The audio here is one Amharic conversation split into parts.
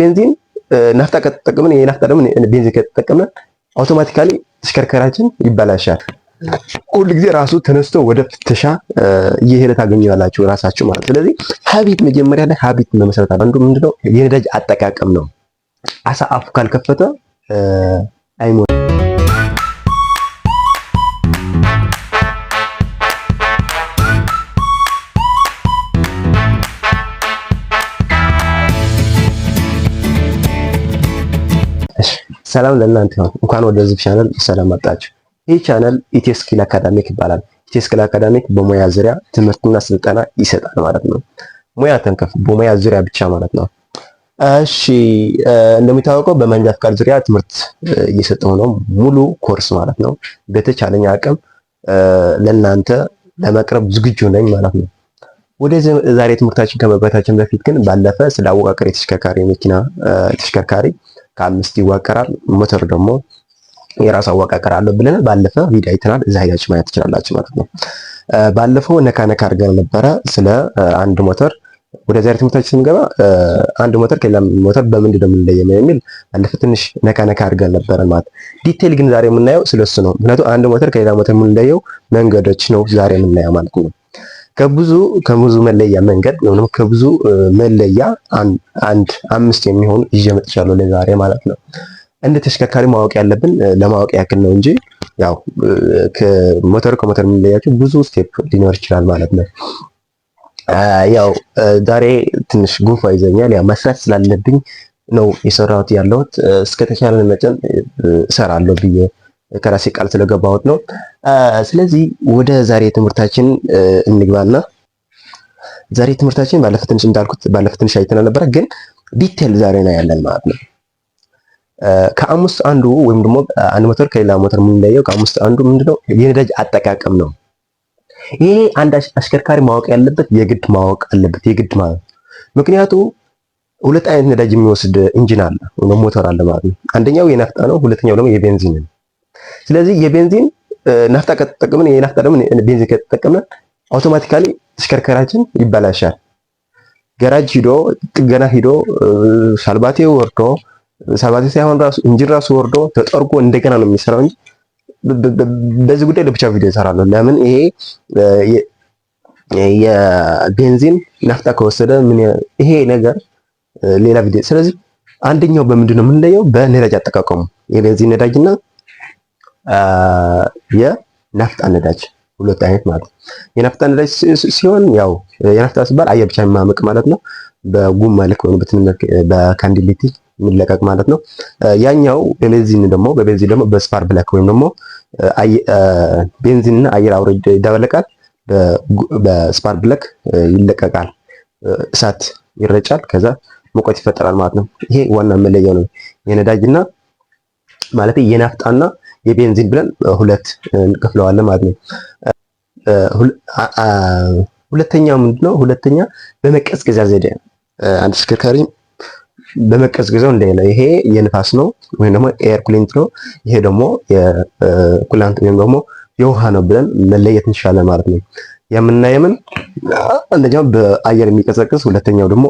ቤንዚን ናፍታ ከተጠቀምን የናፍታ ደግሞ ቤንዚን ከተጠቀምን አውቶማቲካሊ ተሽከርካሪያችን ይበላሻል። ጊዜ ራሱ ተነስቶ ወደ ፍተሻ እየሄደ ታገኘዋላችሁ ራሳችሁ ማለት። ስለዚህ ሀቢት መጀመሪያ ላይ ሀቢት መመስረት አለ። አንዱ ምንድነው የነዳጅ አጠቃቀም ነው። አሳ አፉ ካልከፈተ አይሞ ሰላም ለእናንተ ይሁን። እንኳን ወደ ዝብ ቻናል ሰላም መጣችሁ። ይህ ቻናል ኢትዮ አካዳሚክ ይባላል። ኢትዮ አካዳሚክ በሙያ ዙሪያ ትምህርትና ስልጠና ይሰጣል ማለት ነው። ሙያ ተንከፍ በሙያ ዙሪያ ብቻ ማለት ነው። እሺ እንደሚታወቀው በመንጃ ፍቃድ ዙሪያ ትምህርት እየሰጠሁ ነው፣ ሙሉ ኮርስ ማለት ነው። በተቻለኝ አቅም ለእናንተ ለመቅረብ ዝግጁ ነኝ ማለት ነው። ወደ ዛሬ ትምህርታችን ከመግባታችን በፊት ግን ባለፈ ስለ አወቃቀር የተሽከርካሪ መኪና ተሽከርካሪ ከአምስት ይዋቀራል። ሞተር ደግሞ የራሱ አወቃቀር አለው ብለን ባለፈ ቪዲዮ አይተናል። እዛ ሄዳችሁ ማየት ትችላላችሁ ማለት ነው። ባለፈው ነካ ነካ አድርገን ነበረ ስለ አንድ ሞተር። ወደ ዛሬ ትምህርታችን ስንገባ አንድ ሞተር ከሌላ ሞተር በምንድን ነው የምንለየው የሚል ባለፈ ትንሽ ነካ ነካ አድርገን ነበረ ማለት። ዲቴል ግን ዛሬ የምናየው ስለሱ ነው። ምክንያቱም አንድ ሞተር ከሌላ ሞተር የምንለየው መንገዶች ነው ዛሬ የምናየው ማለት ነው። ከብዙ ከብዙ መለያ መንገድ ወይም ከብዙ መለያ አንድ አምስት የሚሆኑ ይዤ መጥቻለሁ ለዛሬ ማለት ነው። እንደ ተሽከርካሪ ማወቅ ያለብን ለማወቅ ያክል ነው እንጂ ያው ሞተር ከሞተር የሚለያቸው ብዙ ስቴፕ ሊኖር ይችላል ማለት ነው። ያው ዛሬ ትንሽ ጉንፋ ይዘኛል። ያው መስራት ስላለብኝ ነው የሰራሁት ያለሁት እስከተቻለን መጠን እሰራለሁ ብዬ ከራሴ ቃል ስለገባሁት ነው። ስለዚህ ወደ ዛሬ ትምህርታችን እንግባና ዛሬ ትምህርታችን ባለፈ ትንሽ እንዳልኩት ባለፈ ትንሽ አይተናል ነበረ፣ ግን ዲቴል ዛሬ ነው ያለን ማለት ነው። ከአምስት አንዱ ወይም ደግሞ አንድ ሞተር ከሌላ ሞተር የምንለየው ከአምስት አንዱ ምንድነው? የነዳጅ አጠቃቀም ነው። ይሄ አንድ አሽከርካሪ ማወቅ ያለበት የግድ ማወቅ አለበት የግድ ማለት ነው። ምክንያቱ ሁለት አይነት ነዳጅ የሚወስድ ኢንጂን አለ፣ ወይም ሞተር አለ ማለት ነው። አንደኛው የናፍጣ ነው፣ ሁለተኛው ደግሞ የቤንዚን ነው። ስለዚህ የቤንዚን ናፍጣ ከተጠቀምን የናፍጣ ደግሞ ቤንዚን ከተጠቀምን አውቶማቲካሊ ተሽከርካሪያችን ይበላሻል። ገራጅ ሂዶ ጥገና ሂዶ ሳልባቴ ወርዶ ሳልባቴ ሳይሆን ራሱ እንጂን ራሱ ወርዶ ተጠርጎ እንደገና ነው የሚሰራው እንጂ በዚህ ጉዳይ ለብቻ ቪዲዮ እሰራለሁ። ለምን ይሄ የቤንዚን ናፍጣ ከወሰደ ምን ይሄ ነገር ሌላ ቪዲዮ። ስለዚህ አንደኛው በምንድን ነው የምንለየው? በነዳጅ አጠቃቀሙ የቤንዚን ነዳጅና የናፍጣ ነዳጅ ሁለት አይነት ማለት ነው። የናፍጣ ነዳጅ ሲሆን ያው የናፍጣ ሲባል አየር ብቻ የሚማምቅ ማለት ነው። በጉም መልክ ወይም በካንዲሊቲ የሚለቀቅ ማለት ነው። ያኛው በቤንዚን ደግሞ በቤንዚን ደግሞ በስፓር ብላክ ወይም ደግሞ ቤንዚንና አየር አብሮ ይደበለቃል። በስፓር ብላክ ይለቀቃል፣ እሳት ይረጫል፣ ከዛ ሙቀት ይፈጠራል ማለት ነው። ይሄ ዋና መለያው ነው የነዳጅና ማለት የናፍጣና የቤንዚን ብለን ሁለት እንከፍለዋለን ማለት ነው። ሁለተኛው ምንድነው? ሁለተኛ በመቀዝቀዣ ዘዴ አንድ ተሽከርካሪ በመቀዝቀዣው እንደሌለ ይሄ የንፋስ ነው ወይም ደግሞ ኤር ኩሊንት ነው። ይሄ ደግሞ የኩላንት ወይም ደግሞ የውሃ ነው ብለን መለየት እንችላለን ማለት ነው። የምናየምን አንደኛው በአየር የሚቀዘቅዝ ሁለተኛው ደግሞ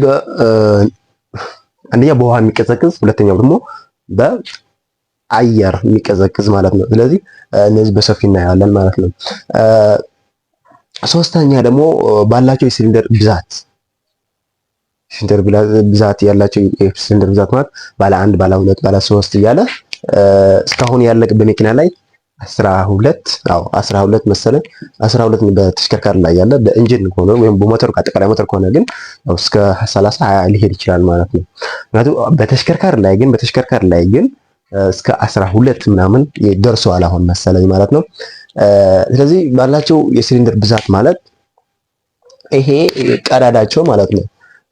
በ አንደኛው በውሃ የሚቀዘቅዝ ሁለተኛው ደግሞ በ አየር የሚቀዘቅዝ ማለት ነው። ስለዚህ እነዚህ በሰፊ እናያለን ማለት ነው። ሶስተኛ ደግሞ ባላቸው የሲሊንደር ብዛት ሲሊንደር ብዛት ያላቸው የሲሊንደር ብዛት ማለት ባለ አንድ ባለ ሁለት ባለ ሶስት እያለ እስካሁን ያለቅ በመኪና ላይ አስራ ሁለት አዎ አስራ ሁለት መሰለኝ አስራ ሁለት በተሽከርካሪ ላይ ያለ በኢንጂን ከሆነ ወይም በሞተር አጠቃላይ ሞተር ከሆነ ግን እስከ ሰላሳ ሀያ ሊሄድ ይችላል ማለት ነው። ምክንያቱም በተሽከርካሪ ላይ ግን በተሽከርካሪ ላይ ግን እስከ አስራ ሁለት ምናምን ደርሰዋል አሁን መሰለኝ ማለት ነው። ስለዚህ ባላቸው የሲሊንደር ብዛት ማለት ይሄ ቀዳዳቸው ማለት ነው።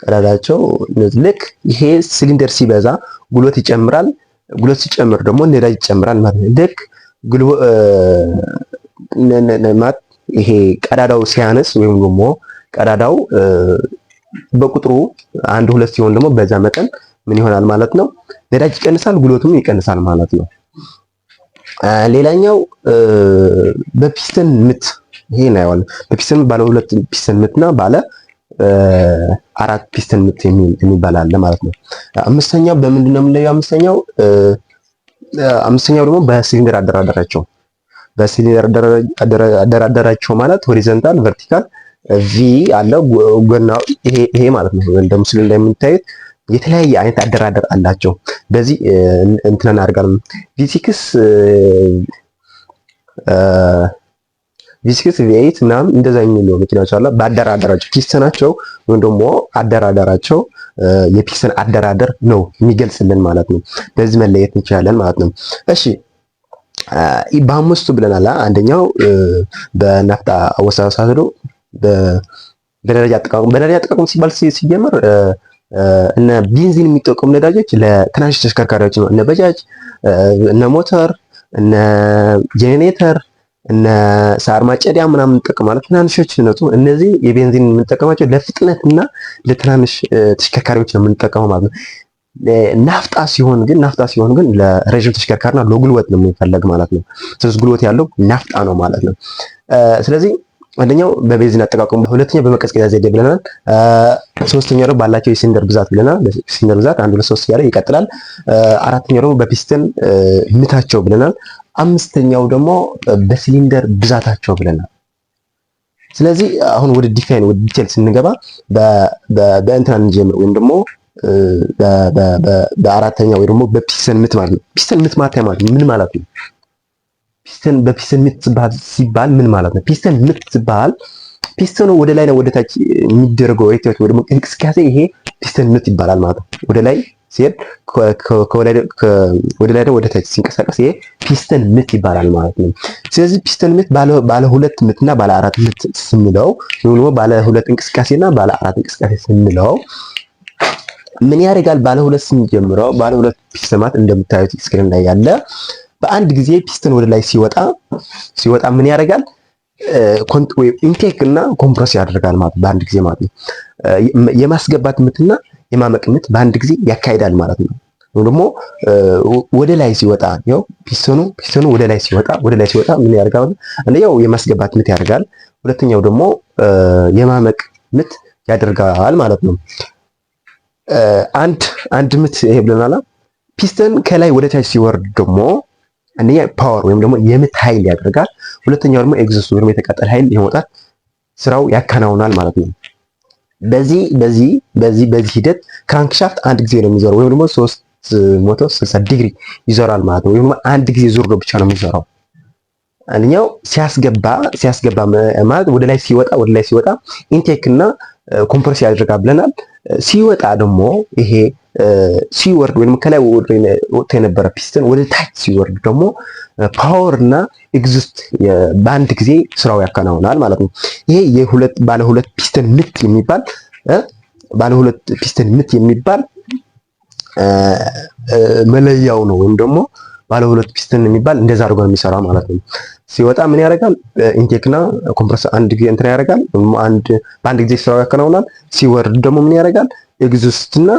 ቀዳዳቸው ልክ ይሄ ሲሊንደር ሲበዛ ጉልበት ይጨምራል። ጉልበት ሲጨምር ደግሞ ነዳጅ ይጨምራል ማለት ነው። ልክ ማለት ይሄ ቀዳዳው ሲያነስ ወይም ደግሞ ቀዳዳው በቁጥሩ አንድ ሁለት ሲሆን ደግሞ በዛ መጠን ምን ይሆናል ማለት ነው ነዳጅ ይቀንሳል፣ ጉልበቱም ይቀንሳል ማለት ነው። ሌላኛው በፒስተን ምት ይሄ እናየዋለን። በፒስተን ባለ ሁለት ፒስተን ምትና ባለ አራት ፒስተን ምት የሚባል አለ ማለት ነው። አምስተኛው በምንድነው የምንለየው? አምስተኛው አምስተኛው ደግሞ በሲሊንደር አደራደራቸው በሲሊንደር አደራደራቸው ማለት ሆሪዘንታል፣ ቨርቲካል ቪ አለ ጎናው ይሄ ማለት ነው። ደግሞ ሲሊንደር የምታዩት የተለያየ አይነት አደራደር አላቸው። በዚህ እንትን እናደርጋለን። ቪሲክስ ቪሲክስ ቪኤት ምናምን እንደዛ የሚለው መኪናዎች አሉ። በአደራደራቸው ፒስተናቸው ወይም ደግሞ አደራደራቸው የፒስተን አደራደር ነው የሚገልጽልን ማለት ነው። በዚህ መለየት እንችላለን ማለት ነው። እሺ በአምስቱ ብለናል። አንደኛው በናፍጣ አወሳሰዱ በደረጃ አጠቃቀም በደረጃ አጠቃቀም ሲባል ሲጀምር እነ ቤንዚን የሚጠቀሙ ነዳጆች ለትናንሽ ተሽከርካሪዎች ነው። እነ በጃጅ፣ እነ ሞተር፣ እነ ጄኔሬተር፣ እነ ሳር ማጨዲያ ምናምን እንጠቀማለን። ትናንሾች ሲነጡ እነዚህ የቤንዚን የምንጠቀማቸው ለፍጥነት እና ለትናንሽ ተሽከርካሪዎች ነው የምንጠቀመው ማለት ነው። ናፍጣ ሲሆን ግን ናፍጣ ሲሆን ግን ለረዥም ተሽከርካሪና ለጉልበት ነው የሚፈለግ ማለት ነው። ስለዚህ ጉልበት ያለው ናፍጣ ነው ማለት ነው። ስለዚህ አንደኛው በቤንዚን አጠቃቀሙ፣ ሁለተኛው በመቀዝቀዣ ዘዴ ብለናል። ሶስተኛው ደግሞ ባላቸው የሲሊንደር ብዛት ብለናል። ሲሊንደር ብዛት አንድ ሁለት ሶስት እያለ ይቀጥላል። አራተኛው ደግሞ በፒስተን ምታቸው ብለናል። አምስተኛው ደግሞ በሲሊንደር ብዛታቸው ብለናል። ስለዚህ አሁን ወደ ዲፋይን ወደ ዲቴል ስንገባ በእንትና እንጀምር ወይም ደግሞ በአራተኛ ወይ ደግሞ በፒስተን ምት ማለት ነው። ፒስተን ምት ማለት ምን ማለት ነው? ፒስተን በፒስተን ምት ሲባል ምን ማለት ነው? ፒስተን ምት ሲባል ፒስተኑ ወደ ላይ ነው ወደ ታች የሚደረገው ኤክቲቪቲ ወይ ደግሞ እንቅስቃሴ ይሄ ፒስተን ምት ይባላል ማለት ነው። ወደ ላይ ሲሄድ ወደ ላይ ወደ ታች ሲንቀሳቀስ ይሄ ፒስተን ምት ይባላል ማለት ነው። ስለዚህ ፒስተን ምት ባለ ሁለት ምትና ባለ አራት ምት ስንለው ወይ ደግሞ ባለ ሁለት እንቅስቃሴና ባለ አራት እንቅስቃሴ ስንለው ምን ያደርጋል? ባለ ሁለት ስንጀምረው ባለ ሁለት ፒስተማት እንደምታዩት ስክሪን ላይ ያለ በአንድ ጊዜ ፒስተን ወደ ላይ ሲወጣ ሲወጣ ምን ያደርጋል? ኢንቴክ እና ኮምፕረስ ያደርጋል ማለት በአንድ ጊዜ ማለት ነው። የማስገባት ምትና የማመቅ ምት በአንድ ጊዜ ያካሄዳል ማለት ነው። ደግሞ ወደ ላይ ሲወጣ ያው ፒስተኑ ፒስተኑ ወደ ላይ ሲወጣ ወደ ላይ ሲወጣ ምን ያደርጋል? አንደኛው የማስገባት ምት ያደርጋል፣ ሁለተኛው ደግሞ የማመቅ ምት ያደርጋል ማለት ነው። አንድ አንድ ምት ይሄ ብለናል። ፒስተን ከላይ ወደ ታች ሲወርድ ደግሞ አንደኛ ፓወር ወይም ደግሞ የምት ኃይል ያደርጋል። ሁለተኛው ደግሞ ኤግዚስት ወይም የተቃጠለ ኃይል የመውጣት ስራው ያከናውናል ማለት ነው። በዚህ በዚህ በዚህ በዚህ ሂደት ክራንክሻፍት አንድ ጊዜ ነው የሚዞረው ወይም ደግሞ 360 ዲግሪ ይዞራል ማለት ነው። ወይም ደግሞ አንድ ጊዜ ዙር ነው ብቻ ነው የሚዞረው። አንደኛው ሲያስገባ ሲያስገባ ማለት ወደ ላይ ሲወጣ ወደ ላይ ሲወጣ ኢንቴክ እና ኮምፕረስ ያደርጋል ብለናል። ሲወጣ ደግሞ ይሄ ሲወርድ ወይም ከላይ ወጥቶ የነበረ ፒስተን ወደ ታች ሲወርድ ደግሞ ፓወር እና ኤግዙስት በአንድ ጊዜ ስራው ያከናውናል ማለት ነው። ይሄ የሁለት ባለ ሁለት ፒስተን ምት የሚባል ባለ ሁለት ፒስተን ምት የሚባል መለያው ነው ወይም ደግሞ ባለ ሁለት ፒስተን የሚባል እንደዛ አድርጎ ነው የሚሰራ ማለት ነው። ሲወጣ ምን ያደርጋል? ኢንቴክና ኮምፕረሰር አንድ ጊዜ እንትን ያደርጋል፣ በአንድ ጊዜ ስራው ያከናውናል። ሲወርድ ደግሞ ምን ያደርጋል? ኤግዙስትና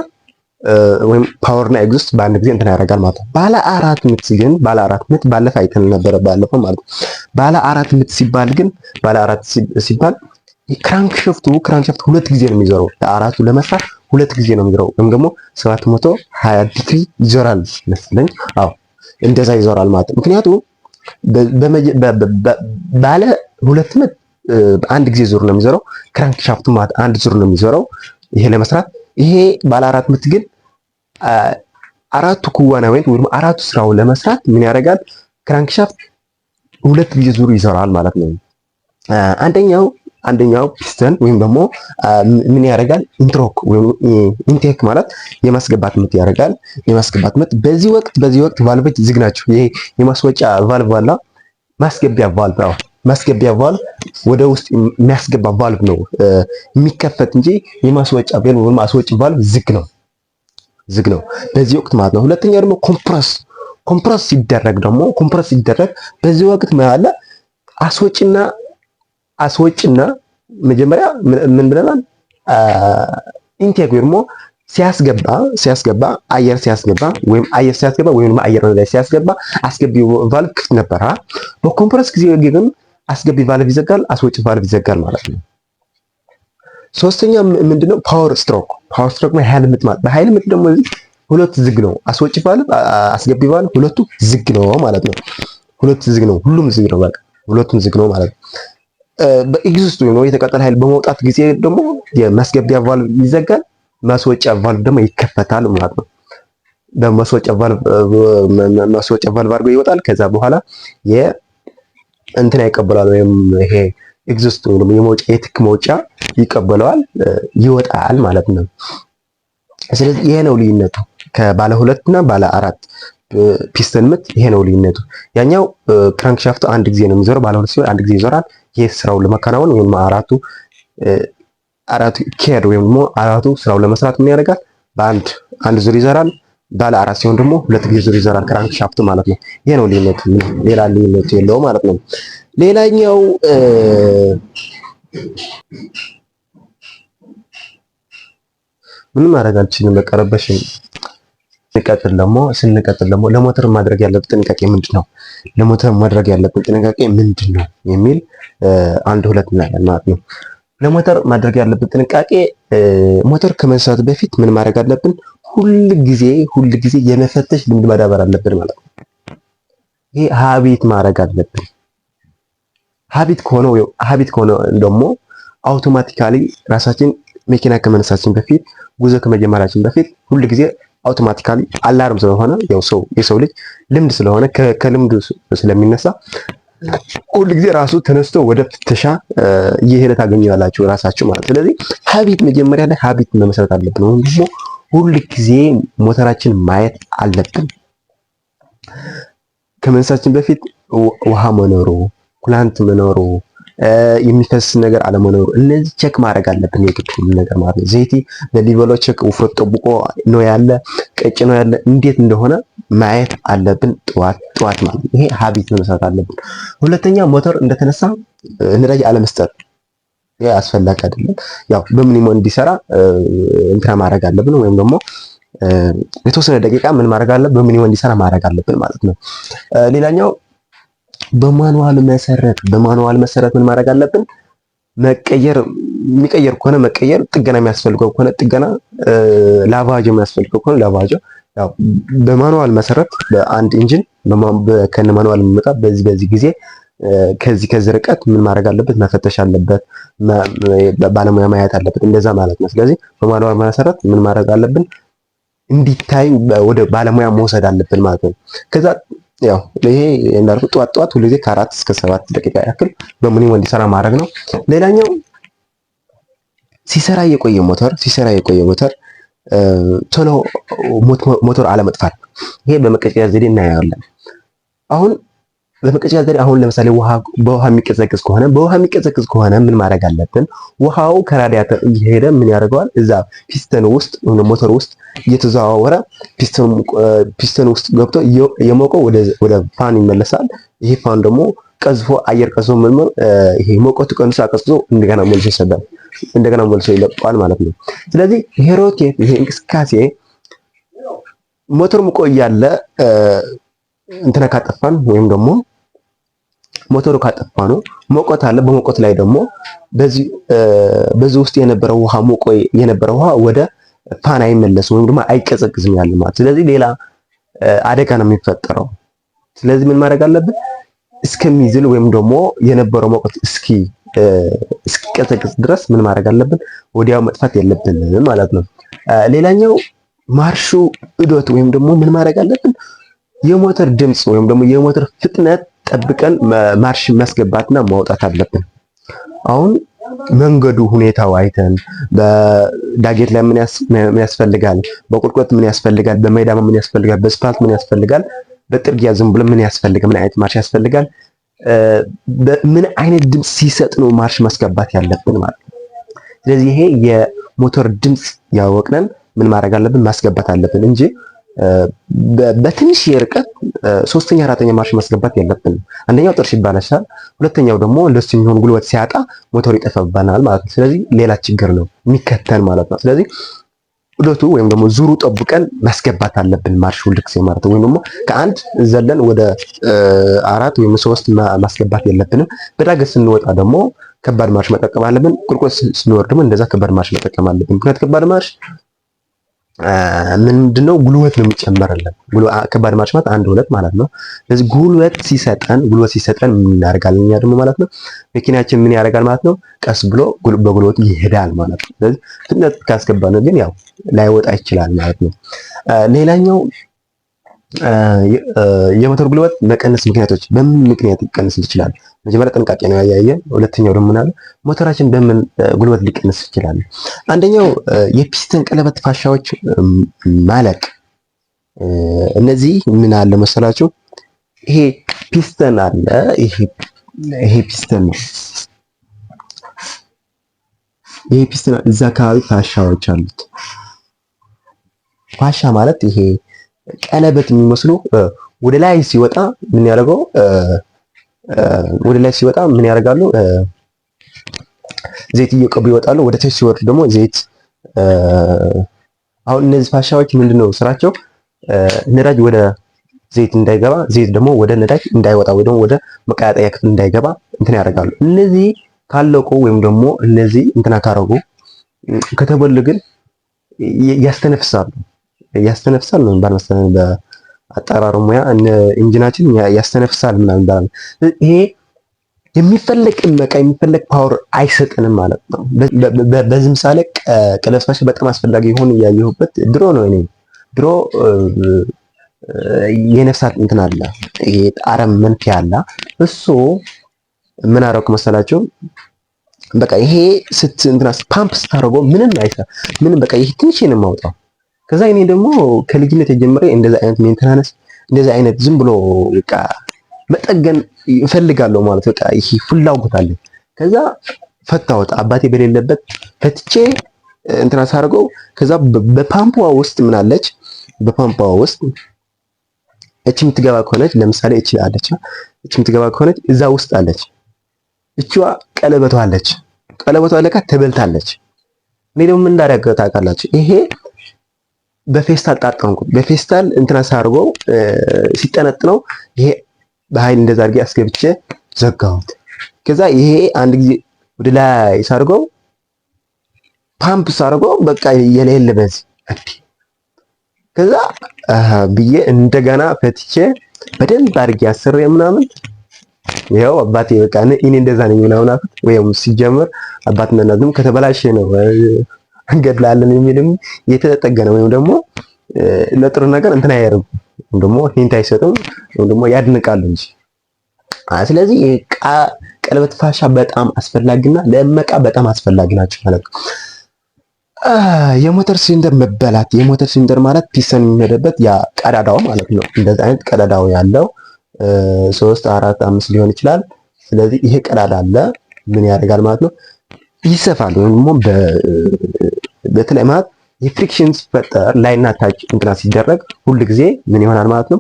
ወይም ፓወርና ኤግዚስት በአንድ ጊዜ እንትን ያደርጋል ማለት ነው። ባለ አራት ምት ግን ባለ አራት ምት ባለፈ አይተን ነበረ ባለፈ ማለት ነው። ባለ አራት ምት ሲባል ግን ባለ አራት ሲባል ክራንክ ሸፍቱ ክራንክ ሸፍት ሁለት ጊዜ ነው የሚዞረው ለአራቱ ለመስራት ሁለት ጊዜ ነው የሚዞረው ወይም ደግሞ 720 መቶ ሀያ ዲግሪ ይዞራል መስለኝ አዎ እንደዛ ይዞራል ማለት ነው። ምክንያቱም ባለ ሁለት ምት አንድ ጊዜ ዙር ነው የሚዞረው። ክራንክ ሻፍቱ ማለት አንድ ዙር ነው የሚዞረው ይሄ ለመስራት። ይሄ ባለ አራት ምት ግን አራቱ ክዋና ወይ ወይም አራቱ ስራው ለመስራት ምን ያደርጋል? ሻፍት ሁለት ጊዜ ዙር ይዞራል ማለት ነው። አንደኛው አንደኛው ፒስተን ወይም ደግሞ ምን ያደርጋል ኢንትሮክ ወይም ኢንቴክ ማለት የማስገባት ምት ያደርጋል። የማስገባት ምት በዚህ ወቅት በዚህ ወቅት ቫልቮች ዝግ ናቸው። ይሄ የማስወጫ ቫልቭ አለ፣ ማስገቢያ ቫልቭ ነው። ማስገቢያ ቫልቭ ወደ ውስጥ የሚያስገባ ቫልቭ ነው የሚከፈት እንጂ የማስወጫ ቬል ወይም ማስወጭ ቫልቭ ዝግ ነው ዝግ ነው በዚህ ወቅት ማለት ነው። ሁለተኛ ደግሞ ኮምፕረስ ኮምፕረስ ሲደረግ ደግሞ ኮምፕረስ ሲደረግ በዚህ ወቅት ማለት አስወጭና አስወጭና መጀመሪያ ምን ብለናል? ኢንቴክ ሲያስገባ ሲያስገባ አየር ሲያስገባ ወይም አየር ሲያስገባ ወይም አየር ላይ ሲያስገባ አስገቢ ቫልቭ ክፍት ነበር። በኮምፕረስ ጊዜ ግን አስገቢ ቫልቭ ይዘጋል፣ አስወጭ ቫልቭ ይዘጋል ማለት ነው። ሶስተኛ ምንድነው? ፓወር ስትሮክ። ፓወር ስትሮክ ነው ኃይል ምት ማለት። በኃይል ምት ደግሞ ሁለት ዝግ ነው፣ አስወጭ ቫልቭ፣ አስገቢ ቫልቭ ሁለቱ ዝግ ነው ማለት ነው። ሁለቱ ዝግ ነው፣ ሁሉም ዝግ ነው፣ በቃ ሁለቱም ዝግ ነው ማለት ነው። በኤግዚስት ወይም የተቃጠለ ኃይል በመውጣት ጊዜ ደግሞ የማስገቢያ ቫልቭ ይዘጋል፣ ማስወጫ ቫልቭ ደግሞ ይከፈታል ማለት ነው። በማስወጫ ቫልቭ ማስወጫ ቫልቭ አድርጎ ይወጣል። ከዛ በኋላ የእንትና ይቀበላል ወይም ይሄ ኤግዚስት ወይም የመውጫ የትክ መውጫ ይቀበለዋል፣ ይወጣል ማለት ነው። ስለዚህ ይሄ ነው ልዩነቱ ከባለ ሁለት እና ባለ አራት ፒስተን ምት ይሄ ነው ልዩነቱ። ያኛው ክራንክሻፍቱ አንድ ጊዜ ነው የሚዞረው፣ ባለሁለት ሲሆን አንድ ጊዜ ይዞራል። ይሄ ስራውን ለመከናወን ወይም አራቱ አራቱ ኬር ወይም ደግሞ አራቱ ስራው ለመስራት ምን ያደርጋል? በአንድ አንድ ዙር ይዘራል። ባለ አራት ሲሆን ደግሞ ሁለት ጊዜ ዙር ይዘራል፣ ክራንክ ሻፍቱ ማለት ነው። ይሄ ነው ልዩነቱ፣ ሌላ ልዩነቱ የለው ማለት ነው። ሌላኛው ምንም ማድረግ አልችልም፣ መቀረበሽን ስንቀጥል ደግሞ ስንቀጥል ደግሞ ለሞተር ማድረግ ያለብን ጥንቃቄ ምንድን ነው? ለሞተር ማድረግ ያለብን ጥንቃቄ ምንድን ነው የሚል አንድ ሁለት እናያለን ማለት ነው። ለሞተር ማድረግ ያለብን ጥንቃቄ ሞተር ከመንሳት በፊት ምን ማድረግ አለብን? ሁል ጊዜ ሁል ጊዜ የመፈተሽ ልምድ ማዳበር አለብን ማለት ነው። ይሄ ሀቢት ማድረግ አለብን። ሀቢት ከሆነ ወይ ሀቢት ከሆነ ደግሞ አውቶማቲካሊ ራሳችን መኪና ከመነሳችን በፊት ጉዞ ከመጀመራችን በፊት ሁል ጊዜ አውቶማቲካሊ አላርም ስለሆነ ያው ሰው የሰው ልጅ ልምድ ስለሆነ ከልምዱ ስለሚነሳ ሁል ጊዜ ራሱ ተነስቶ ወደ ፍተሻ እየሄደ ታገኘዋላችሁ ራሳችሁ ማለት። ስለዚህ ሀቢት መጀመሪያ ላይ ሀቢት መመሰረት አለብን፣ ወይም ደግሞ ሁል ጊዜ ሞተራችን ማየት አለብን። ከመንሳችን በፊት ውሃ መኖሩ፣ ኩላንት መኖሩ የሚፈስ ነገር አለመኖሩ እነዚህ ቼክ ማድረግ አለብን። የግድ ነገር ማለት ነው። ዘይቴ በሊበሎ ቼክ ውፍረት ጠብቆ ነው ያለ ቀጭ ነው ያለ እንዴት እንደሆነ ማየት አለብን። ጠዋት ጠዋት ማለት ይሄ ሀቢት ነው መስራት አለብን። ሁለተኛ ሞተር እንደተነሳ ነዳጅ አለመስጠት አስፈላጊ አይደለም። ያው በሚኒሞ እንዲሰራ እንትና ማድረግ አለብን ወይም ደግሞ የተወሰነ ደቂቃ ምን ማድረግ አለብን? በሚኒሞ እንዲሰራ ማድረግ አለብን ማለት ነው። ሌላኛው በማኑዋል መሰረት በማኑዋል መሰረት ምን ማድረግ አለብን? መቀየር የሚቀየር ከሆነ መቀየር፣ ጥገና የሚያስፈልገው ከሆነ ጥገና፣ ላቫጆ የሚያስፈልገው ከሆነ ላቫጆ። ያው በማኑዋል መሰረት በአንድ ኢንጂን ከነ ማኑዋል የሚመጣ በዚህ በዚህ ጊዜ ከዚህ ከዚህ ርቀት ምን ማድረግ አለበት? መፈተሽ አለበት፣ ባለሙያ ማየት አለበት። እንደዛ ማለት ነው። ስለዚህ በማኑዋል መሰረት ምን ማድረግ አለብን? እንዲታይ ወደ ባለሙያ መውሰድ አለብን ማለት ነው። ከዛ ያው ይሄ እንዳልኩት ጧት ጧት ሁልጊዜ ከአራት እስከ ሰባት ደቂቃ ያክል በሙኒንግ እንዲሰራ ማድረግ ነው። ሌላኛው ሲሰራ የቆየ ሞተር ሲሰራ የቆየ ሞተር ቶሎ ሞተር አለመጥፋት፣ ይሄ በመቀጨጫ ዘዴ እናያለን አሁን በመቀዝቀዣ ዘዴ አሁን ለምሳሌ ውሃ በውሃ የሚቀዘቅዝ ከሆነ በውሃ የሚቀዘቅዝ ከሆነ ምን ማድረግ አለብን? ውሃው ከራዲያተር እየሄደ ምን ያደርገዋል? እዛ ፒስተን ውስጥ ወይ ሞተር ውስጥ እየተዘዋወረ ፒስተን ውስጥ ገብቶ የሞቀው ወደ ፋን ይመለሳል። ይሄ ፋን ደግሞ ቀዝፎ አየር ቀዝፎ ምንምን ይሄ ሙቀቱ ቀንሶ አቀዝቅዞ እንደገና መልሶ ይሰዳል፣ እንደገና መልሶ ይለቀዋል ማለት ነው። ስለዚህ ይሄ ሮቴት ይሄ እንቅስቃሴ ሞተር ሙቆ እያለ እንትና ካጠፋን ወይም ደግሞ ሞተሩ ካጠፋ ነው። ሞቆት አለ። በሞቆት ላይ ደግሞ በዚህ ውስጥ የነበረው ውሃ ሞቆ የነበረው ውሃ ወደ ፋን አይመለስም ወይም ደግሞ አይቀዘቅዝም ያለ ማለት። ስለዚህ ሌላ አደጋ ነው የሚፈጠረው። ስለዚህ ምን ማድረግ አለብን? እስከሚዝል ወይም ደግሞ የነበረው ሞቆት እስኪ እስኪቀዘቅዝ ድረስ ምን ማድረግ አለብን? ወዲያው መጥፋት የለብንም ማለት ነው። ሌላኛው ማርሹ እዶት ወይም ደግሞ ምን ማድረግ አለብን? የሞተር ድምፅ ወይም ደግሞ የሞተር ፍጥነት ጠብቀን ማርሽ ማስገባትና ማውጣት አለብን። አሁን መንገዱ ሁኔታው አይተን በዳጌት ላይ ምን ያስፈልጋል፣ በቁልቁለት ምን ያስፈልጋል፣ በሜዳ ምን ያስፈልጋል፣ በስፓልት ምን ያስፈልጋል፣ በጥርጊያ ዝም ብሎ ምን ያስፈልጋል፣ ምን አይነት ማርሽ ያስፈልጋል፣ ምን አይነት ድምፅ ሲሰጥ ነው ማርሽ ማስገባት ያለብን ማለት ነው። ስለዚህ ይሄ የሞተር ድምፅ ያወቅነን ምን ማድረግ አለብን ማስገባት አለብን እንጂ በትንሽ የርቀት ሶስተኛ አራተኛ ማርሽ ማስገባት የለብንም። አንደኛው ጥርስ ይባላሻል፣ ሁለተኛው ደግሞ ለሱ የሚሆን ጉልበት ሲያጣ ሞተሩ ይጠፋብናል ማለት ነው። ስለዚህ ሌላ ችግር ነው የሚከተል ማለት ነው። ስለዚህ ዑደቱ ወይም ደግሞ ዙሩ ጠብቀን ማስገባት አለብን ማርሽ ሁልጊዜ ማለት ነው። ወይም ደግሞ ከአንድ ዘለን ወደ አራት ወይም ሶስት ማስገባት የለብንም። በዳገት ስንወጣ ደግሞ ከባድ ማርሽ መጠቀም አለብን። ቁልቁል ደግሞ እንደዛ ከባድ ማርሽ መጠቀም አለብን። ምክንያት ከባድ ማርሽ ምንድነው ጉልበት ነው የሚጨመርልን። ከባድ ማርሽ ማለት አንድ ሁለት ማለት ነው። ስለዚህ ጉልበት ሲሰጠን ጉልበት ሲሰጠን ምን እናደርጋለን እኛ ደግሞ ማለት ነው። መኪናችን ምን ያደርጋል ማለት ነው። ቀስ ብሎ በጉልበቱ ይሄዳል ማለት ነው። ስለዚህ ፍጥነት ካስገባነው ግን ያው ላይወጣ ይችላል ማለት ነው። ሌላኛው የሞተር ጉልበት መቀነስ ምክንያቶች በምን ምክንያት ሊቀንስ ይችላል? መጀመሪያ ጥንቃቄ ነው ያያየ። ሁለተኛው ደግሞ ምናለ ሞተራችን በምን ጉልበት ሊቀንስ ይችላል? አንደኛው የፒስተን ቀለበት ፋሻዎች ማለቅ። እነዚህ ምን አለ መሰላችሁ? ይሄ ፒስተን አለ። ይሄ ፒስተን ነው። ይሄ ፒስተን እዛ አካባቢ ፋሻዎች አሉት። ፋሻ ማለት ይሄ ቀለበት የሚመስሉ ወደ ላይ ሲወጣ ምን ያደርገው ወደ ላይ ሲወጣ ምን ያደርጋሉ? ዘይት እየቀቡ ይወጣሉ። ወደ ታች ሲወርድ ደግሞ ዘይት። አሁን እነዚህ ፋሻዎች ምንድነው ስራቸው? ነዳጅ ወደ ዘይት እንዳይገባ፣ ዘይት ደግሞ ወደ ነዳጅ እንዳይወጣ፣ ወይ ደግሞ ወደ መቀጣጠያ ክፍል እንዳይገባ እንትን ያደርጋሉ። እነዚህ ካለቁ ወይም ደግሞ እነዚህ እንትና ካረጉ ከተበሉ ግን ያስተነፍሳሉ። ያስተነፍሳል ነው ባል መሰለኝ በአጠራሩ ሙያ ኢንጂናችን ያስተነፍሳል ምናምን ባል ይሄ የሚፈለግ እመቃ የሚፈለግ ፓወር አይሰጥንም ማለት ነው። በዚህ ምሳሌ ቀለም ስማሽ በጣም አስፈላጊ የሆን እያየሁበት ድሮ ነው እኔ ድሮ የነፍሳት እንትን አለ አረም መንፊያ አለ። እሱ ምን አደረኩ መሰላችሁ? በቃ ይሄ ስት እንትና ፓምፕ ስታደርገው ምንም አይሰራ ምንም በቃ ይሄ ትንሽ ነው የማውጣው ከዛ እኔ ደግሞ ከልጅነት የጀመረ እንደዛ አይነት ሜንተናንስ እንደዛ አይነት ዝም ብሎ በቃ መጠገን ይፈልጋለሁ ማለት በቃ ይሄ ፍላጎት አለ። ከዛ ፈታሁት አባቴ በሌለበት ፈትቼ እንትና ሳርገው ከዛ በፓምፓዋ ውስጥ ምን አለች? በፓምፓዋ ውስጥ እቺ የምትገባ ከሆነች ለምሳሌ እቺ አለች፣ እቺ የምትገባ ከሆነች እዛ ውስጥ አለች። እቺዋ ቀለበቷ አለች። ቀለበቷ ለካ ተበልታለች። እኔ ደግሞ ምን እንዳደረገ ታውቃላችሁ? ይሄ በፌስታል ጣጣንኩት። በፌስታል እንትና ሳርጎ ሲጠነጥነው ይሄ በኃይል እንደዛ አድርጌ አስገብቼ ዘጋሁት። ከዛ ይሄ አንድ ጊዜ ወደ ላይ ሳርገው ፓምፕ ሳርጎ በቃ የሌለ በዚህ ከዛ ብዬ እንደገና ፈትቼ በደንብ አድርጌ አስሬ ምናምን ይኸው አባቴ በቃ እኔ እንደዛ ነኝ ምናምን አልኩት። ወይም ሲጀምር አባትና እናትም ከተበላሸ ነው እንገድላለን የሚልም የተጠገነ ወይም ደግሞ ለጥሩ ነገር እንትን አያርም ወይም ደግሞ ሂንት አይሰጥም ወይም ደግሞ ያድንቃሉ እንጂ። ስለዚህ ቀለበት ፋሻ በጣም አስፈላጊና ለመቃ በጣም አስፈላጊ ናቸው ማለት ነው። የሞተር ሲሊንደር መበላት የሞተር ሲሊንደር ማለት ፒስተን የሚሄደበት ያ ቀዳዳው ማለት ነው። እንደዚህ አይነት ቀዳዳው ያለው ሶስት አራት አምስት ሊሆን ይችላል። ስለዚህ ይሄ ቀዳዳ አለ ምን ያደርጋል ማለት ነው ይሰፋል ወይም ደግሞ በተለይ ማለት የፍሪክሽን ሲፈጠር ላይና ታች እንትና ሲደረግ ሁል ጊዜ ምን ይሆናል ማለት ነው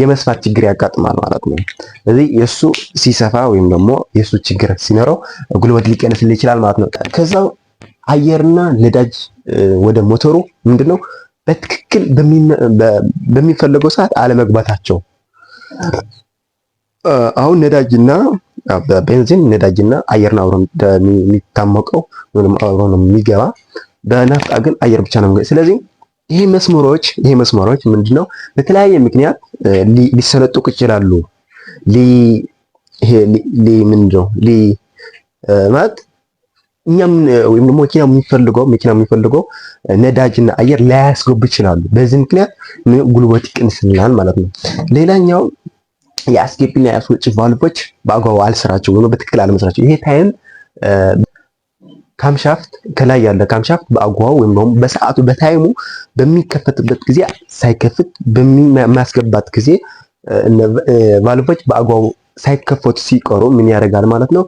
የመስፋት ችግር ያጋጥማል ማለት ነው። ስለዚህ የእሱ ሲሰፋ ወይም ደግሞ የእሱ ችግር ሲኖረው ጉልበት ሊቀንስ ይችላል ማለት ነው። ከዛው አየርና ነዳጅ ወደ ሞተሩ ምንድነው በትክክል በሚፈለገው ሰዓት አለመግባታቸው። አሁን ነዳጅና በቤንዚን ነዳጅና አየርና አብሮ የሚታመቀው ወይም አብሮ የሚገባ በናፍጣ ግን አየር ብቻ ነው። ስለዚህ ይሄ መስመሮች ይሄ መስመሮች ምንድነው በተለያየ ምክንያት ሊሰነጥቁ ይችላሉ። ሊ ይሄ ሊ ምንድነው ሊ ማለት እኛም ወይም ደግሞ መኪና የሚፈልገው መኪና የሚፈልገው ነዳጅና አየር ላያስገቡ ይችላሉ። በዚህ ምክንያት ጉልበት ይቅንስልናል ማለት ነው። ሌላኛው የአስገቢና የአስወጪ ቫልቮች በአግባቡ አልስራቸው ወይ በትክክል አልመስራቸው ይሄ ታይም ካምሻፍት ከላይ ያለ ካምሻፍት በአጓው ወይም ደግሞ በሰዓቱ በታይሙ በሚከፈትበት ጊዜ ሳይከፍት በሚያስገባት ጊዜ ቫልቮች በአጓው ሳይከፈቱ ሲቀሩ ምን ያደርጋል ማለት ነው?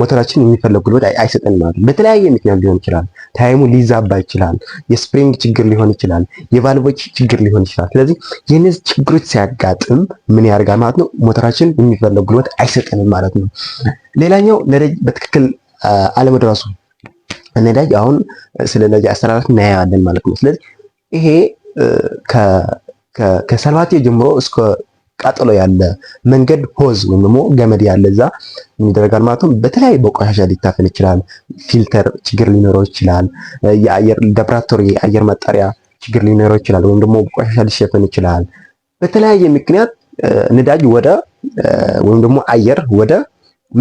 ሞተራችን የሚፈለግ ጉልበት አይሰጠን ማለት ነው። በተለያየ ምክንያት ሊሆን ይችላል። ታይሙ ሊዛባ ይችላል። የስፕሪንግ ችግር ሊሆን ይችላል። የቫልቮች ችግር ሊሆን ይችላል። ስለዚህ የእነዚህ ችግሮች ሲያጋጥም ምን ያደርጋል ማለት ነው? ሞተራችን የሚፈለግ ጉልበት አይሰጠንም ማለት ነው። ሌላኛው በትክክል አለመድረሱ ነዳጅ አሁን ስለ ነዳጅ አስተላለፍ እናያለን ማለት ነው። ስለዚህ ይሄ ከሰልባቴ ጀምሮ እስከ ቀጥሎ ያለ መንገድ ሆዝ ወይም ደግሞ ገመድ ያለ እዛ ምን ማለት ነው። በተለያዩ በቆሻሻ ሊታፈን ይችላል። ፊልተር ችግር ሊኖረው ይችላል። የአየር ላብራቶሪ የአየር መጠሪያ ችግር ሊኖረው ይችላል። ወይም ደግሞ ቆሻሻ ሊሸፈን ይችላል። በተለያየ ምክንያት ነዳጅ ወደ ወይም ደግሞ አየር ወደ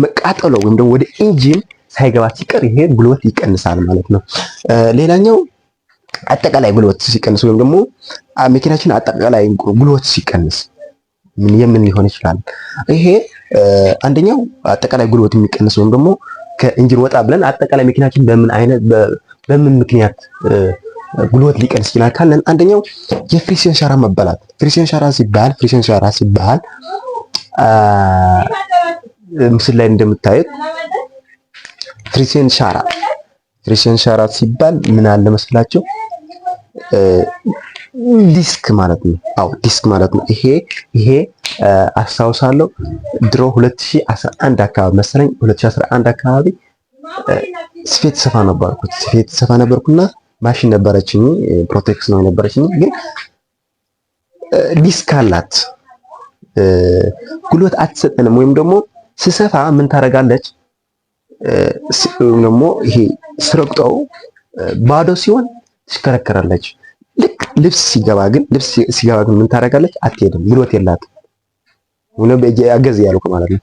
መቃጠሎ ወይም ደግሞ ወደ ኢንጂን ሳይገባት ሲቀር ይሄ ጉልበት ይቀንሳል ማለት ነው። ሌላኛው አጠቃላይ ጉልበት ሲቀንስ ወይም ደግሞ መኪናችን አጠቃላይ ጉልበት ሲቀንስ የምን ሊሆን ይችላል? ይሄ አንደኛው አጠቃላይ ጉልበት የሚቀንስ ወይም ደግሞ ከኢንጂን ወጣ ብለን አጠቃላይ መኪናችን በምን አይነት በምን ምክንያት ጉልበት ሊቀንስ ይችላል ካለን አንደኛው የፍሪክሽን ሻራ መበላት። ፍሪክሽን ሻራ ሲባል ፍሪክሽን ሻራ ሲባል ምስል ላይ እንደምታዩት ክሪስቲያን ሻራ ክሪስቲያን ሻራ ሲባል ምን አለ መስላችሁ? ዲስክ ማለት ነው። አዎ ዲስክ ማለት ነው። ይሄ ይሄ አስታውሳለሁ ድሮ 2011 አካባቢ መሰለኝ 2011 አካባቢ ስፌት ሰፋ ነበርኩት ስፌት ሰፋ ነበርኩና ማሽን ነበረችኝ፣ ፕሮቴክስ ነው የነበረችኝ። ግን ዲስክ አላት ጉልበት አትሰጠንም። ወይም ደግሞ ስሰፋ ምን ታደርጋለች? ወይም ደግሞ ይሄ ስረቅጣው ባዶ ሲሆን ትሽከረከራለች። ልክ ልብስ ሲገባ ግን ልብስ ሲገባ ግን ምን ታደርጋለች? አትሄድም። ጉልበት የላት ሆነ አገዝ ያልኩ ማለት ነው።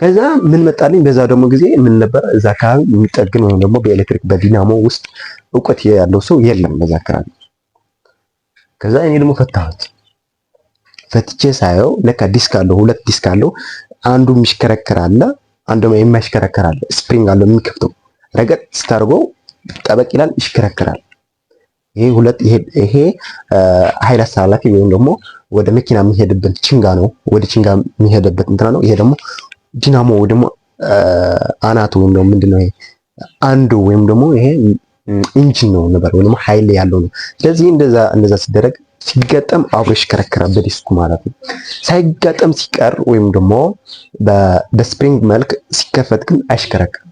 ከዛ ምን መጣልኝ? በዛ ደግሞ ጊዜ ምን ነበር እዛ አካባቢ የሚጠግን ወይም ደግሞ በኤሌክትሪክ በዲናሞ ውስጥ እውቀት ያለው ሰው የለም በዛ አካባቢ። ከዛ እኔ ደግሞ ፈታሁት። ፈትቼ ሳየው ለካ ዲስክ አለው፣ ሁለት ዲስክ አለው። አንዱ የሚሽከረከር አለ አንዱ የማይሽከረከር አለ። ስፕሪንግ አለው የሚከፍተው ረገጥ ስታርገው ጠበቅ ይላል፣ ይሽከረከራል። ይሄ ሁለት ይሄ ይሄ ኃይል አስተላላፊ ወይም ደግሞ ወደ መኪና የሚሄድበት ችንጋ ነው። ወደ ችንጋ የሚሄድበት እንትና ነው። ይሄ ደግሞ ዲናሞ ወይ ደግሞ አናቱ ወይም ደግሞ ምንድነው አንዱ ወይም ደግሞ ይሄ ኢንጂን ነው ነበር ወይ ደግሞ ኃይል ያለው ነው። ስለዚህ እንደዛ እንደዛ ሲደረግ ሲገጠም አብሮ ይሽከረከራል በዲስክ ማለት ነው። ሳይገጠም ሲቀር ወይም ደግሞ በስፕሪንግ መልክ ሲከፈት ግን አይሽከረከርም።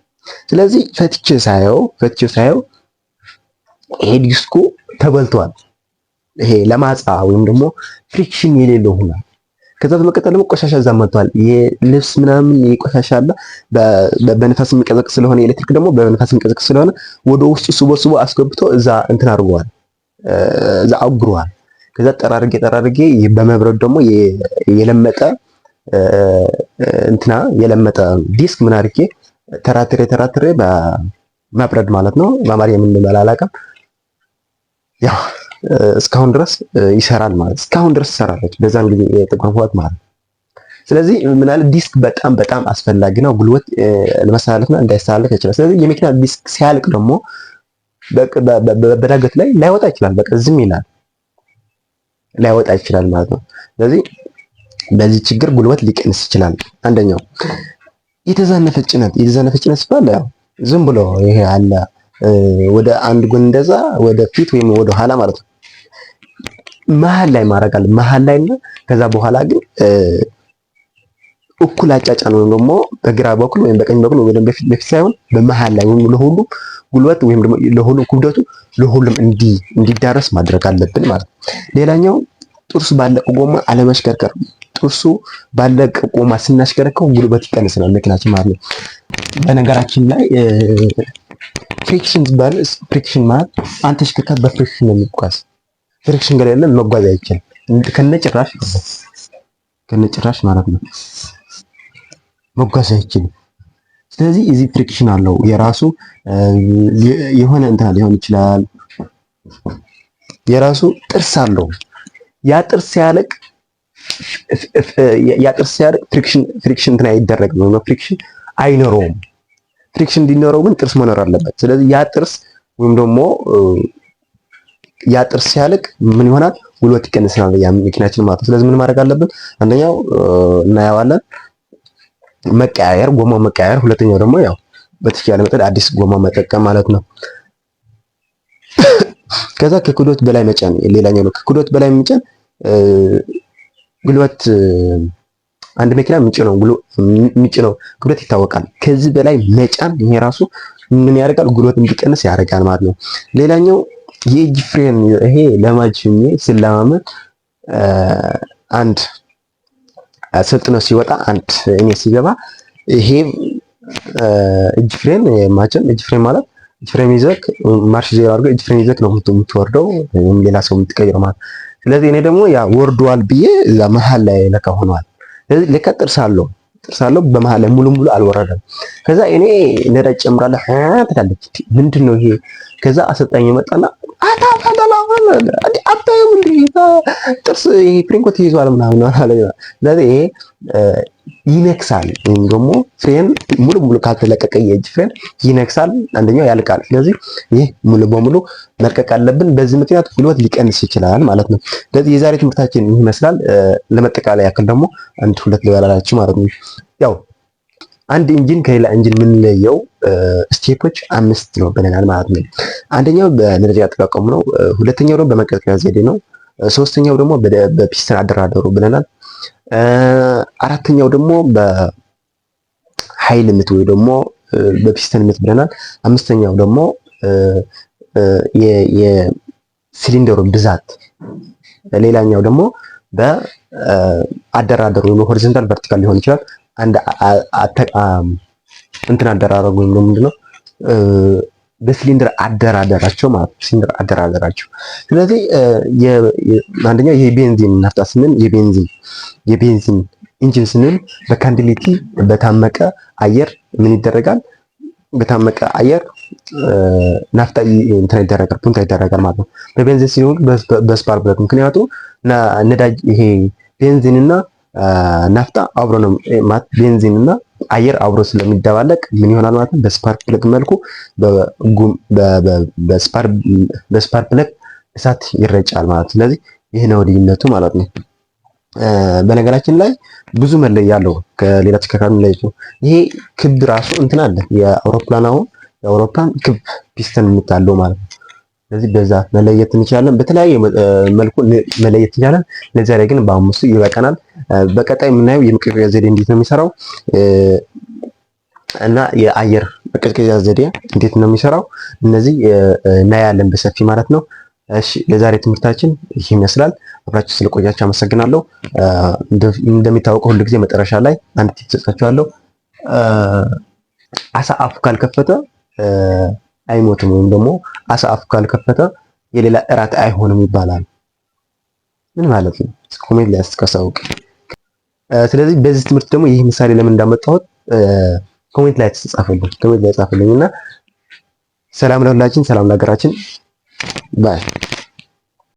ስለዚህ ፈትቼ ሳየው ፈትቼ ሳየው ይሄ ዲስኩ ተበልቷል። ይሄ ለማጻ ወይም ደግሞ ፍሪክሽን የሌለው ሆኗል። ከዛ በመቀጠል ደግሞ ቆሻሻ እዛ መጥቷል። የልብስ ምናምን ቆሻሻ አለ። በንፋስ የሚቀዘቅዝ ስለሆነ ኤሌክትሪክ ደግሞ በንፋስ የሚቀዘቅዝ ስለሆነ ወደ ውስጥ ስቦ ስቦ አስገብቶ እዛ እንትን አድርገዋል፣ እዛ አጉረዋል። ከዛ ጠራርጌ ጠራርጌ በመብረድ ደግሞ የለመጠ እንትና የለመጠ ዲስክ ምን አድርጌ ተራትሬ ተራትሬ በመብረድ ማለት ነው። በአማርኛ የምንመላ አላውቅም። ያው እስካሁን ድረስ ይሰራል ማለት እስካሁን ድረስ ሰራለች። በዛን ጊዜ የጥቁር ማለት ስለዚህ ምናለ ዲስክ በጣም በጣም አስፈላጊ ነው። ጉልበት ለመሰላለፍና እንዳይሳለፍ ይችላል። ስለዚህ የመኪና ዲስክ ሲያልቅ ደግሞ በዳገት ላይ ላይወጣ ይችላል። በቃ ዝም ይላል። ላይወጣ ይችላል ማለት ነው። ስለዚህ በዚህ ችግር ጉልበት ሊቀንስ ይችላል። አንደኛው የተዛነፈ ጭነት፣ የተዛነፈ ጭነት ሲባል ያው ዝም ብሎ ይሄ አለ ወደ አንድ ጎን እንደዛ ወደ ፊት ወይም ወደ ኋላ ማለት ነው። መሀል ላይ ማድረግ አለ መሀል ላይ እና ከዛ በኋላ ግን እኩል አጫጫ ወይም ደግሞ በግራ በኩል ወይም በቀኝ በኩል ወይም በፊት በፊት ሳይሆን በመሃል ላይ ወይም ለሁሉም ጉልበት ወይም ደግሞ ለሁሉም ክብደቱ ለሁሉም እንዲዳረስ ማድረግ አለብን ማለት ነው። ሌላኛው ጥርሱ ባለቀ ጎማ አለመሽከርከር። ጥርሱ ባለቀ ጎማ ስናሽከረከው ጉልበት ይቀንስናል መኪናችን ማለት ነው። በነገራችን ላይ ፍሪክሽን ባል ፍሪክሽን ማለት አንድ በፍሪክሽን ነው የሚጓዝ። ፍሪክሽን ከሌለ መጓዝ አይችልም ከነጭራሽ ከነጭራሽ ማለት ነው። መጓዝ አይችልም። ስለዚህ እዚህ ፍሪክሽን አለው የራሱ የሆነ እንትና ሊሆን ይችላል የራሱ ጥርስ አለው። ያ ጥርስ ሲያለቅ ያ ጥርስ ሲያለቅ ፍሪክሽን ፍሪክሽን እንትን አይደረግም ነው ፍሪክሽን አይኖረውም። ፍሪክሽን እንዲኖረው ግን ጥርስ መኖር አለበት። ስለዚህ ያ ጥርስ ወይም ደግሞ ያ ጥርስ ሲያለቅ ምን ይሆናል? ጉልበት ይቀንስናል። ያ መኪናችን ማለት ነው። ስለዚህ ምን ማድረግ አለብን? አንደኛው እናየዋለን መቀያየር፣ ጎማ መቀያየር። ሁለተኛው ደግሞ ያው በተቻለ መጠን አዲስ ጎማ መጠቀም ማለት ነው። ከዛ ከክዶት በላይ መጫን ሌላኛው ነው። ከክዶት በላይ መጫን ጉልበት አንድ መኪና ምጭ ነው ምጭ ነው ክብደት ይታወቃል። ከዚህ በላይ መጫን ይሄ ራሱ ምን ያደርጋል? ጉልበት እንዲቀንስ ያደርጋል ማለት ነው። ሌላኛው የእጅ ፍሬን ይሄ ለማጅ ስለማመን አንድ ሰልጥኖ ሲወጣ አንድ እኔ ሲገባ ይሄ እጅ ፍሬን ማችን እጅ ፍሬን ማለት እጅ ፍሬም ይዘክ ማርሽ ዜሮ አድርገህ እጅ ፍሬም ይዘክ ነው የምትወርደው፣ ሌላ ሰው የምትቀይረው ማለት። ስለዚህ እኔ ደግሞ ያ ወርዷል ብዬ እዛ መሀል ላይ ለካ ሆኗል። ስለዚህ ለካ ጥርስ አለው ጥርስ አለው በመሀል ላይ ሙሉ ሙሉ አልወረደም። ከዛ እኔ ነዳጅ ጨምራለሁ ትላለች። ምንድን ነው ይሄ? ከዛ አሰልጣኝ የመጣና አታ አታየም እንዲ ጥርስ ፕሪንኮት ይዟል ምናምን አለኝ። ስለዚህ ይነክሳል፣ ወይም ደግሞ ፍሬን ሙሉ ሙሉ ካልተለቀቀ የእጅ ፍሬን ይነክሳል፣ አንደኛው ያልቃል። ስለዚህ ይህ ሙሉ በሙሉ መልቀቅ አለብን። በዚህ ምክንያት ጉልበት ሊቀንስ ይችላል ማለት ነው። ስለዚህ የዛሬ ትምህርታችን ይመስላል። ለመጠቃለያ ያክል ደግሞ አንድ ሁለት ልበላላችሁ ማለት ነው ያው አንድ ኢንጂን ከሌላ ኢንጂን የምንለየው ስቴፖች አምስት ነው ብለናል ማለት ነው። አንደኛው በነዳጅ አጠቃቀሙ ነው። ሁለተኛው ደግሞ በመቀዝቀዣ ዘዴ ነው። ሶስተኛው ደግሞ በፒስተን አደራደሩ ብለናል። አራተኛው ደግሞ በኃይል ምት ወይ ደግሞ በፒስተን ምት ብለናል። አምስተኛው ደግሞ የሲሊንደሩ ብዛት፣ ሌላኛው ደግሞ በአደራደሩ ሆሪዞንታል ቨርቲካል ሊሆን ይችላል። አንድ እንትን አደራረጉ ነው ምንድነው በሲሊንደር አደራደራቸው ማለት ነው። ሲሊንደር አደራደራቸው። ስለዚህ አንደኛው ቤንዚን ናፍጣ ስንል የቤንዚን የቤንዚን ኢንጂን ስንል በካንዲሊቲ በታመቀ አየር ምን ይደረጋል? በታመቀ አየር ናፍጣ እንትን ይደረጋል፣ ፑንታ ይደረጋል ማለት ነው። በቤንዚን ሲሆን በስፓርክ ምክንያቱም ነዳጅ ይሄ ቤንዚንና ናፍጣ አብሮ ነው ማለት ቤንዚን እና አየር አብሮ ስለሚደባለቅ ምን ይሆናል ማለት ነው። በስፓርክ ፕለግ መልኩ በስፓርክ ፕለግ እሳት ይረጫል ማለት ነው። ስለዚህ ይህ ነው ልዩነቱ ማለት ነው። በነገራችን ላይ ብዙ መለያ አለው ከሌላ ተሽከርካሪ መለየት ነው። ይሄ ክብ ራሱ እንትን አለ የአውሮፕላን አሁን የአውሮፕላን ክብ ፒስተን የምታለው ማለት ነው። ስለዚህ በዛ መለየት እንችላለን። በተለያየ መልኩ መለየት እንችላለን። ለዛሬ ግን በአምስቱ ይበቃናል። በቀጣይ የምናየው የመቀዝቀዣ ዘዴ እንዴት ነው የሚሰራው እና የአየር መቀዝቀዣ ዘዴ እንዴት ነው የሚሰራው፣ እነዚህ እናያለን በሰፊ ማለት ነው። እሺ ለዛሬ ትምህርታችን ይህ ይመስላል። አብራችሁ ስለቆያችሁ አመሰግናለሁ። እንደሚታወቀው ጊዜ መጨረሻ ላይ አንድ ቲፕ ሰጣችኋለሁ። አሳ አፉ ካልከፈተ አይሞትም ወይም ደግሞ አሳ አፉ ካልከፈተ የሌላ እራት አይሆንም ይባላል። ምን ማለት ነው? ኮሜንት ላይ አስቀሳውቅ። ስለዚህ በዚህ ትምህርት ደግሞ ይህ ምሳሌ ለምን እንዳመጣሁት ኮሜንት ላይ ተጻፈልኝ፣ ኮሜንት ላይ ጻፈልኝና ሰላም ለሁላችን፣ ሰላም ለሀገራችን ባይ